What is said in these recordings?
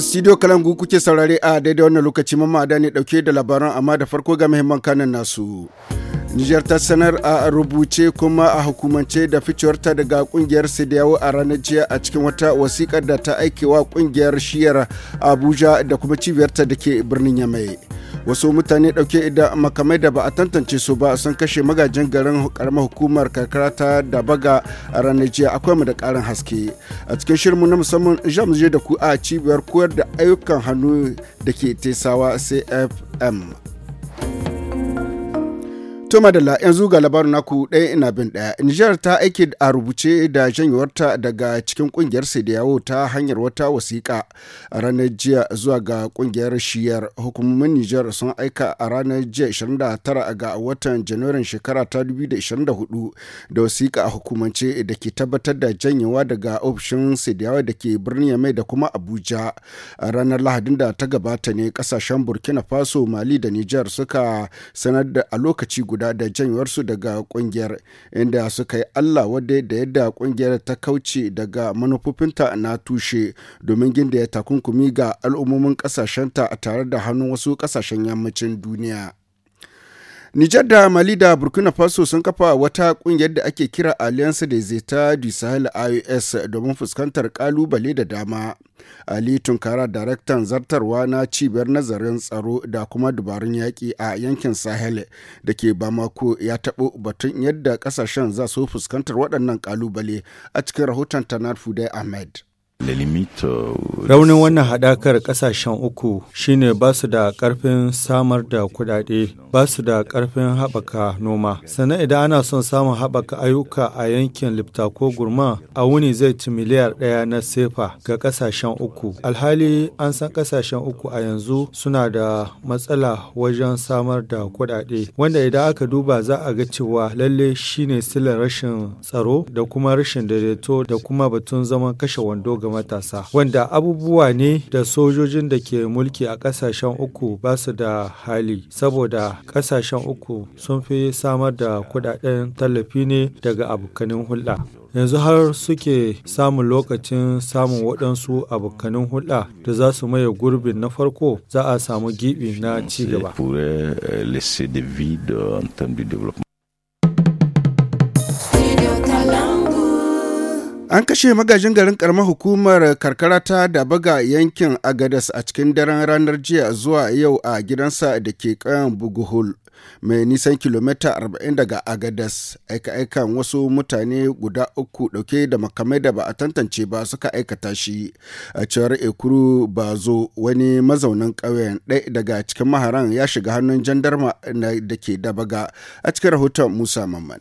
studio kalangu kuke saurare a daidai wannan lokaci mamma da ne dauke da labaran amma da farko ga muhimman kanan nasu Nijar ta sanar a rubuce kuma a hukumance da ficewarta daga kungiyar Sidiyawo a ranar jiya a cikin wata wasiƙar da ta aikewa kungiyar shiyar Abuja da kuma cibiyarta da ke birnin Yamai. wasu mutane dauke da makamai da ba a tantance su ba sun kashe magajin garin karamar hukumar karkara ta dabaga a ranar jiya akwai mu da karin haske a cikin shirmu na musamman je da ku a cibiyar koyar da ayyukan hannu da ke tesawa cfm To madalla yanzu ga labarin naku ɗaya ina bin ɗaya. Nijar ta aiki a rubuce da janyewarta daga cikin kungiyar yawo ta hanyar wata wasiƙa a ranar jiya zuwa ga kungiyar shiyar. Hukumomin Nijar sun aika a ranar jiya 29 ga watan Janairun shekara ta 2024 da wasiƙa a hukumance da ke tabbatar da janyewa daga ofishin yawo da ke birnin Yamai da kuma Abuja. ranar Lahadin da ta gabata ne kasashen Burkina Faso, Mali da Nijar suka sanar da a lokaci guda guda da janyuwarsu daga kungiyar inda suka yi allah wadda da yadda kungiyar ta kauce daga manufofinta na tushe domin ya takunkumi ga al'ummomin kasashenta tare da hannun wasu kasashen yammacin duniya. Nijar da Mali da Burkina Faso sun kafa wata kungiyar da ake kira Alliance de Zeta du Sahel IOS domin fuskantar kalubale da dama. Ali Tunkara daraktan zartarwa na cibiyar nazarin tsaro da kuma dubarun yaƙi a yankin Sahel da ke Bamako ya taɓo batun yadda ƙasashen za su fuskantar waɗannan kalubale a cikin rahoton Tanar Fudai Ahmed. Euh, Raunin wannan haɗakar ƙasashen uku shine ba su da ƙarfin samar da kuɗaɗe ba su da ƙarfin haɓaka noma. Sannan idan ana son samun haɓaka ayyuka a yankin Lipta ko Gurma, a wuni zai ci miliyar ɗaya na sefa ga ƙasashen uku. Alhali an san ƙasashen uku a yanzu suna da matsala wajen samar da kuɗaɗe, wanda idan aka duba za a ga cewa lalle shi ne silar rashin tsaro da kuma rashin daidaito da kuma batun zaman kashe wando ga matasa, wanda abubuwa ne da sojojin da ke mulki a ƙasashen uku ba su da hali saboda kasashen ƙasashen uku sun fi samar da kudaden tallafi ne daga abokanin hulɗa. Yanzu har suke samun lokacin samun waɗansu abokanin hulɗa da za su maye gurbin na farko za a samu gibi na ci gaba. An kashe magajin garin karamar hukumar karkara ta Dabaga yankin Agadas a cikin daren ranar jiya zuwa yau a gidansa da ke kayan Buguhul mai nisan kilomita 40 daga Agadas. Aika-aikan wasu mutane guda uku dauke da makamai da ba a tantance ba suka aikata shi a cewar Ekuru Bazo wani mazaunin ƙauyen ɗaya daga cikin maharan ya shiga hannun jandarma da ke Dabaga a cikin rahoton Musa Mamman.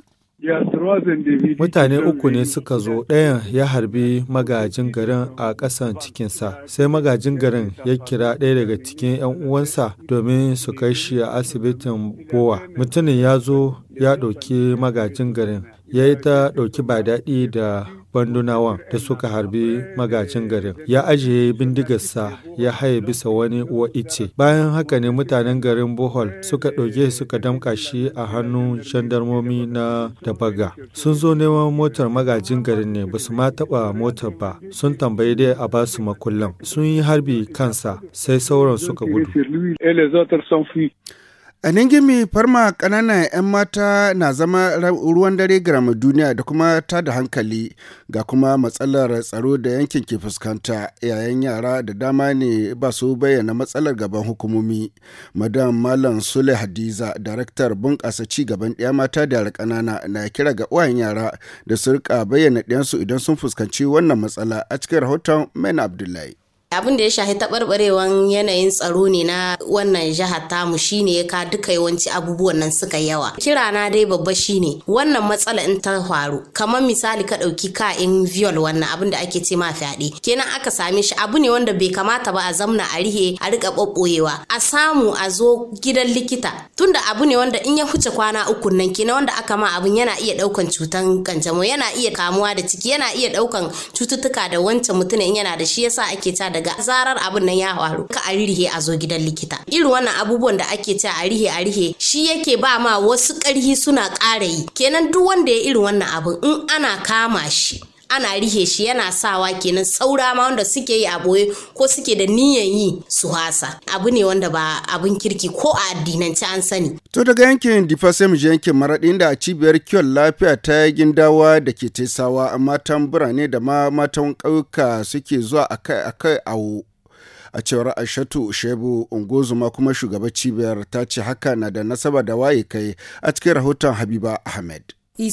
Mutane uku ne suka zo ɗayan ya harbi magajin garin a ƙasan cikinsa, sai magajin garin ya kira ɗaya daga cikin 'yan uwansa domin su kai shi a asibitin Bowa. Mutumin ya zo ya ɗauki magajin garin, ya yi ta ɗauki ba daɗi da bandunawan da suka harbi magajin garin ya ajiye bindigarsa ya haye bisa wani uwa ice bayan haka ne mutanen garin bohol suka ɗauke suka damka shi a hannun shandarmomi na dabaga sun zo neman motar magajin garin ne ba su ma taɓa motar ba sun tambayi dai a ba su makullan sun yi harbi kansa sai sauran suka gudu A nan farma ƙanana 'yan mata na zama ruwan dare ga duniya da kuma ta da hankali ga kuma matsalar tsaro da yankin ke fuskanta yayin yara da dama ne ba su bayyana matsalar gaban hukumomi. Madam Malam Sule Hadiza, daraktar bunƙasa ci gaban ɗaya mata da yara ƙanana na kira ga uwayen yara da su rika bayyana ɗiyansu idan sun fuskanci wannan matsala a cikin rahoton Maina Abdullahi. abin da ya shahi taɓarɓarewan yanayin tsaro ne na wannan jihar tamu shine ya ka duka yawanci abubuwan nan suka yawa kira na dai babba shine wannan matsala in ta faru kamar misali ka ɗauki ka in viol wannan abin da ake ce ma fyaɗe kenan aka same shi abu ne wanda bai kamata ba a zamna a rihe a riƙa ɓaɓɓoyewa a samu a zo gidan likita tunda abu ne wanda in ya huce kwana uku nan kenan wanda aka ma abin yana iya ɗaukan cutan kanjamau yana iya kamuwa da ciki yana iya ɗaukan cututtuka da wancan mutumin yana da shi yasa ake ta da daga zarar abin nan ya faru ka a rihe a zo gidan likita irin wannan abubuwan da ake cewa a rihe a rihe shi yake ba ma wasu ƙarhi suna ƙara yi kenan duk wanda ya irin wannan abin in ana kama shi ana rihe shi yana sawa kenan saura ma wanda suke yi a boye ko suke da niyan yi su hasa abu ne wanda ba abin kirki ko a addinance an sani to daga yankin difa sai mu je yankin maraɗi da cibiyar kiwon lafiya ta gindawa da ke taisawa a matan birane da ma matan ƙauyuka suke zuwa akai-akai a a cewar aishatu shebu ungozuma kuma shugaban cibiyar ta ce haka na da nasaba da waye kai a cikin rahoton habiba ahmed E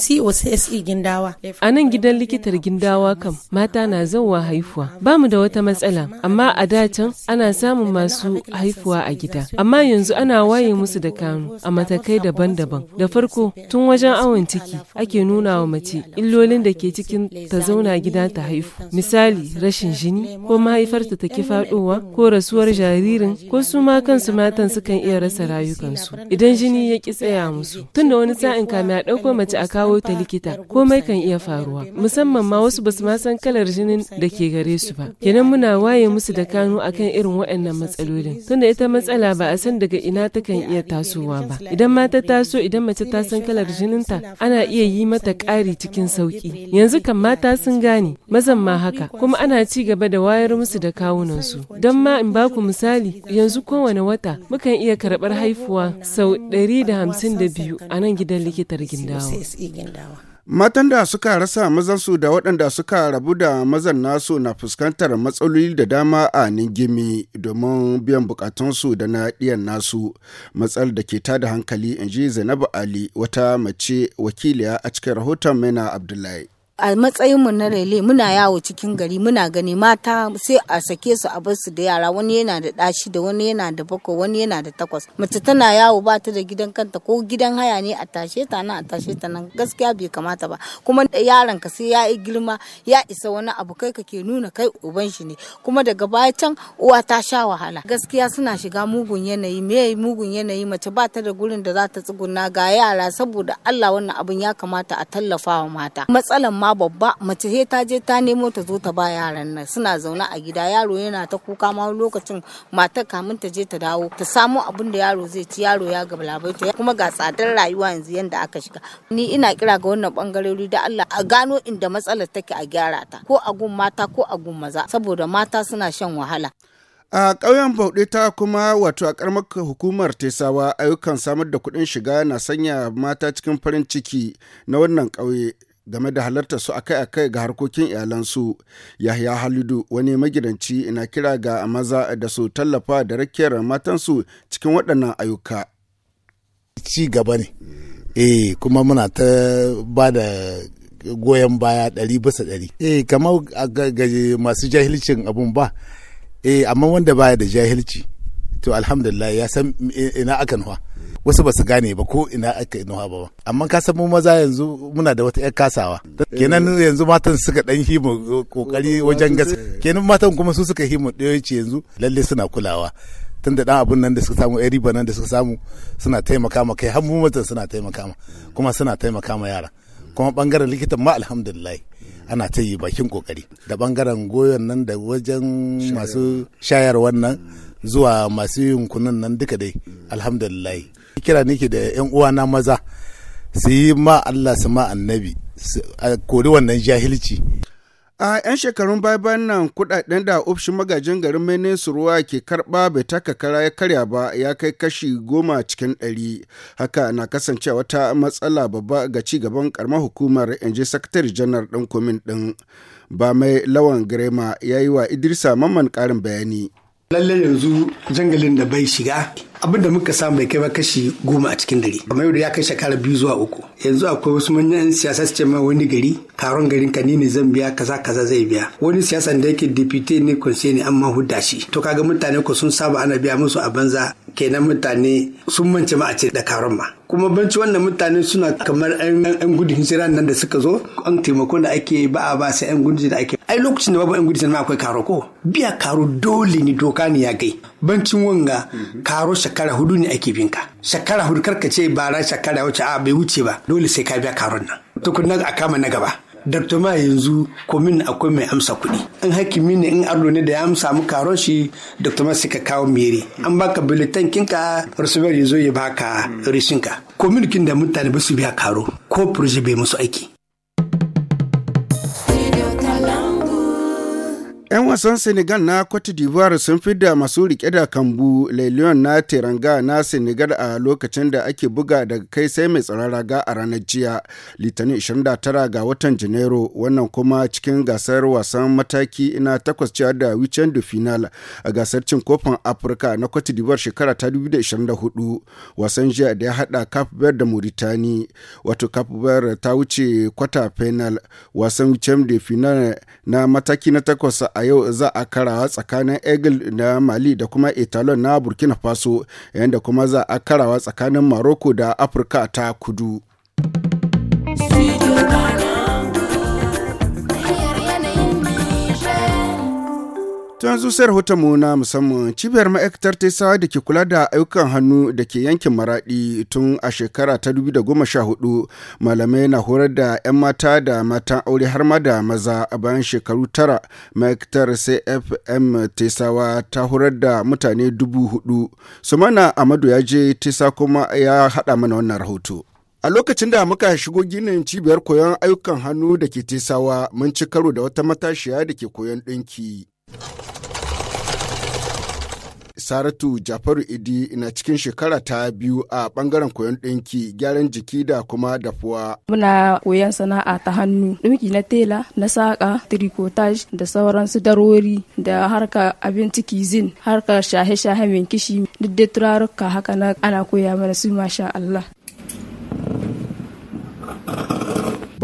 a nan gidan likitar Gindawa kam mata na zauwa haifuwa. Ba mu da wata matsala, amma a dacin ana samun masu haifuwa a gida. Amma yanzu ana waye musu da kanu a matakai daban-daban. Da farko tun wajen awon ciki ake nuna wa mace illolin da ke cikin ta zauna gida ta haifu. Misali rashin jini ko mahaifarta ta ki faɗowa ko rasuwar jaririn ko su ma kansu matan sukan iya rasa rayukansu idan jini ya ki tsaya musu. tun da wani sa'in kame a ɗauko mace a kawo ta likita komai kan iya faruwa musamman ma wasu basu ma san kalar jinin da ke gare su ba kenan muna waye musu da kanu akan irin waɗannan matsalolin tunda ita matsala ba a san daga ina ta kan iya tasowa ba idan ma ta taso idan mace ta san kalar jininta ana iya yi mata ƙari cikin sauki yanzu kan mata sun gane mazan ma haka kuma ana ci gaba da wayar musu da kawunan su don ma in baku misali yanzu kowane wata mukan iya karɓar haifuwa sau ɗari da da hamsin biyu a nan gidan likitar gindawa iya dawa. Matan da suka rasa mazansu da waɗanda suka rabu da mazan nasu na fuskantar matsaloli da dama a Ningimi domin biyan bukatunsu da na ɗiyan nasu. Matsal da ke tada hankali in ji Zainabu Ali wata mace wakiliya a cikin rahoton Maina Abdullahi. a matsayinmu na rele muna yawo cikin gari muna gani mata sai a sake su a bar su da yara wani yana da ɗashi da wani yana da bakwai wani yana da takwas mace tana yawo ba ta da gidan kanta ko gidan haya ne a tashe ta nan a tashe ta nan gaskiya bai kamata ba kuma yaron ka sai ya yi girma ya isa wani abu kai kake nuna kai uban shi ne kuma daga baya can uwa ta sha wahala gaskiya suna shiga mugun yanayi me mugun yanayi mace ba ta da gurin da za ta tsuguna ga yara saboda Allah wannan abin ya kamata a tallafawa wa mata matsalan amma babba mace he ta je ta nemo ta zo ta ba yaran nan suna zaune a gida yaro yana ta kuka ma lokacin matar kamin ta je ta dawo ta samu abin da yaro zai ci yaro ya ga labaita kuma ga tsadar rayuwa yanzu yanda aka shiga ni ina kira ga wannan bangarori da Allah a gano inda matsalar take a gyara ta ko a gun mata ko a gun maza saboda mata suna shan wahala a ƙauyen bauɗe ta kuma wato a ƙaramar hukumar tesawa ayyukan samar da kuɗin shiga na sanya mata cikin farin ciki na wannan ƙauye game da halarta su akai-akai ga harkokin iyalansu yahya halidu wani magidanci na kira ga maza da su tallafa da rakiyar matansu cikin waɗannan ayyuka ci gaba ne eh kuma muna ta ba da goyon baya ɗari bisa ɗari eh kamar ga masu jahilcin abun ba eh amma wanda baya da jahilci to alhamdulillah ya san ina akan hwa wasu ba su gane ba ko ina aka yi ba ba amma ka san mu maza yanzu muna da wata yar kasawa kenan eh. yanzu matan suka dan himu kokari wajen gas kenan matan kuma su suka himu ɗayoci yanzu lalle suna kulawa tun da dan abun nan da suka samu yan riba nan da suka samu suna taimaka ma kai har mu matan suna taimaka ma kuma suna taimaka ma yara kuma bangaren likitan ma alhamdulillah ana ta yi bakin kokari da bangaren goyon nan da wajen masu shayar wannan zuwa masu yunkunan nan duka dai alhamdulillah kira Niki da yan uwana maza su yi ma Allah su ma annabi a kori wannan jahilci a 'yan shekarun baya nan kudaden da ofishin magajin garin mene ruwa ke karba bai taka kara ya karya ba ya kai kashi goma cikin ɗari haka na kasance wata matsala babba ga ci gaban karamar hukumar inji sakatare janar ɗin komin ɗin ba mai lawan grema ya yi wa idrisa mamman ƙarin bayani lallai yanzu jangalin da bai shiga abin da muka samu bai kai ba kashi goma a cikin dare kamar yadda ya kai shekara biyu zuwa uku yanzu akwai wasu manyan siyasa su ce ma wani gari Karon garin ka ne zan biya kaza kaza zai biya wani siyasan da yake dipite ne kunse ne amma hudda shi to kaga mutane ko sun saba ana biya musu a banza kenan mutane sun mance ma a ce da karon ma kuma banci wannan mutane suna kamar yan gudun hijira nan da suka zo an taimako da ake ba a ba sai yan gudun da ake ai lokacin da babu yan gudun na akwai karo ko biya karo dole ne doka ne ya gai bancin wanga karo shekara hudu ne ake binka shekara hudu karka ce bara shekara wace a bai wuce ba dole sai ka biya karon nan tukunan a kama na gaba Dr. ma yanzu komin akwai mai amsa kuɗi. In hakimi ne in ado ne da ya amsa mu karon shi Dr. ma sai ka kawo mere. An baka bulletin kinka rasuwar zo ya baka rishinka. Komin kin da mutane ba su biya karo ko proje bai musu aiki. 'yan wasan Senegal na Cote d'Ivoire sun da masu rike da kambu lelion na Teranga na Senegal a lokacin da ake buga daga kai sai mai tsaron raga a ranar jiya Litinin 29 ga watan Janairu wannan kuma cikin gasar wasan mataki na takwas cewa da weekend final a gasar cin kofin Afirka na Cote d'Ivoire shekara ta 2024 wasan jiya da ya hada Cape Verde da muritani wato Cape Verde ta wuce kwata final wasan weekend final na mataki na takwas a yau za a karawa tsakanin egil na mali da kuma etalon na burkina faso yadda kuma za a karawa tsakanin maroko da afirka ta kudu. yanzu sai mu na musamman cibiyar ma'aikatar taisawa da ke kula da ayyukan hannu da ke yankin maradi tun a shekara ta da 2014 malamai na horar da 'yan mata da matan aure har ma da maza a bayan shekaru tara ma'aikatar cfm taisawa ta horar da mutane dubu hudu mana amadu ya je taisa kuma ya haɗa mana wannan rahoto A lokacin da muka shigo ginin cibiyar koyon ayyukan hannu da ke tesawa mun ci karo da wata matashiya da ke koyon ɗinki. Saratu Jafaru Idi na cikin shekara ta biyu a bangaren koyon ɗinki gyaran jiki da kuma dafuwa. Muna koyon sana'a ta hannu, ɗinki na tela, na saƙa, tricotage da sauransu darori da harka abin ciki zin, harka shahe-shahe mai kishi duk da turaruka haka na ana koya mana su masha Allah.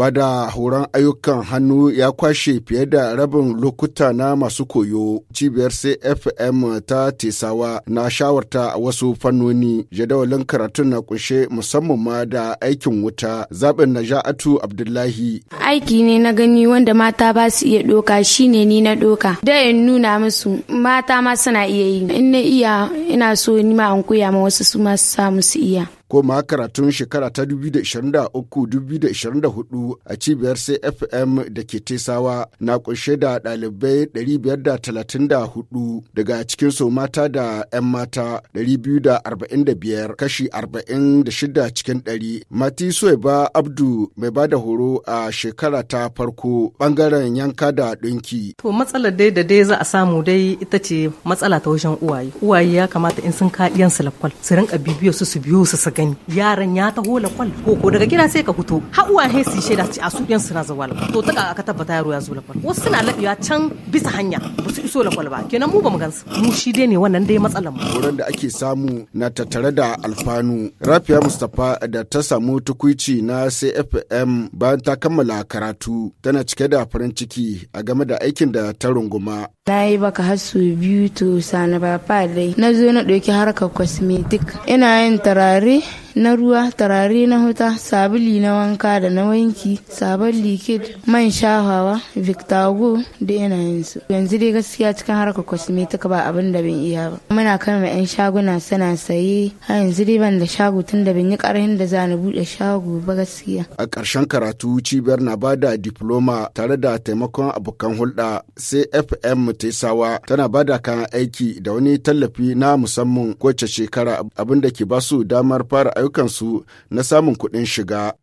bada horon ayyukan hannu ya kwashe fiye da rabin lokuta na masu koyo cibiyar cfm ta tesawa na shawarta a wasu fannoni jadawalin karatun na kunshe musamman ma da aikin wuta zaɓin naja'atu abdullahi aiki ne na gani wanda mata ba su iya ɗoka shine ni na ɗoka da in nuna musu mata ma suna iya yi in na iya ina so ni ma an koya ma wasu su ma su samu su iya ko ma karatun shekara ta 2023-2024 a cibiyar CFM da ke Tesawa na kunshe da ɗalibai 534 daga cikin su mata da 'yan mata 245 kashi 46 cikin 100. Mati ba Abdu mai ba da horo a shekara ta farko bangaren yanka da ɗinki. To matsalar dai da dai za a samu dai ita ce matsala ta wajen uwaye. Uwaye ya kamata in sun kaɗiyan su lakwal su rinka bibiyo su su biyo su su gani yaran ya taho kwal ko ko daga gida sai ka fito har uwa he su shaida a su ɗin suna zuwa la. to ta aka tabbata yaro ya zo kwal. wasu suna laɓewa can bisa hanya ba su iso la kwal ba kenan mu ba mu gansu mu shi dai ne wannan dai matsalar mu horon da ake samu na tattare da alfanu rafiya mustapha da ta samu tukuici na cfm bayan ta kammala karatu tana cike da farin ciki a game da aikin da ta runguma na yi baka har su biyu to sani ba dai na zo na ɗauki harkar cosmetic ina yin turare na ruwa tarare na huta sabili na wanka da na wanki sabon likid man shahawa victago da yanayinsu yanzu dai gaskiya cikin harkar cosmetic ba abin da ban iya ba muna kan yan shaguna suna saye a yanzu dai ban da shago tun da ban yi karhin da za buɗe shago ba gaskiya a karshen karatu cibiyar na ba da diploma tare da taimakon abokan hulɗa cfm sawa tana ba da kayan aiki da wani tallafi na musamman kowace shekara abin da ke su damar fara ayyukansu na samun kuɗin shiga.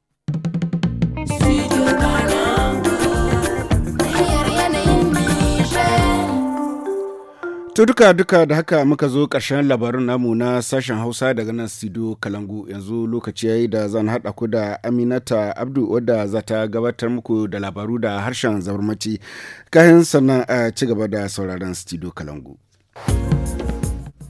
To duka duka da haka muka zo ƙarshen labarin namu na sashen Hausa daga nan studio Kalangu yanzu lokaci yayi da zan haɗa ku da Aminata Abdu wadda za ta gabatar muku da labaru da harshen zabarmaci kayan sannan a ci gaba da sauraron studio Kalangu.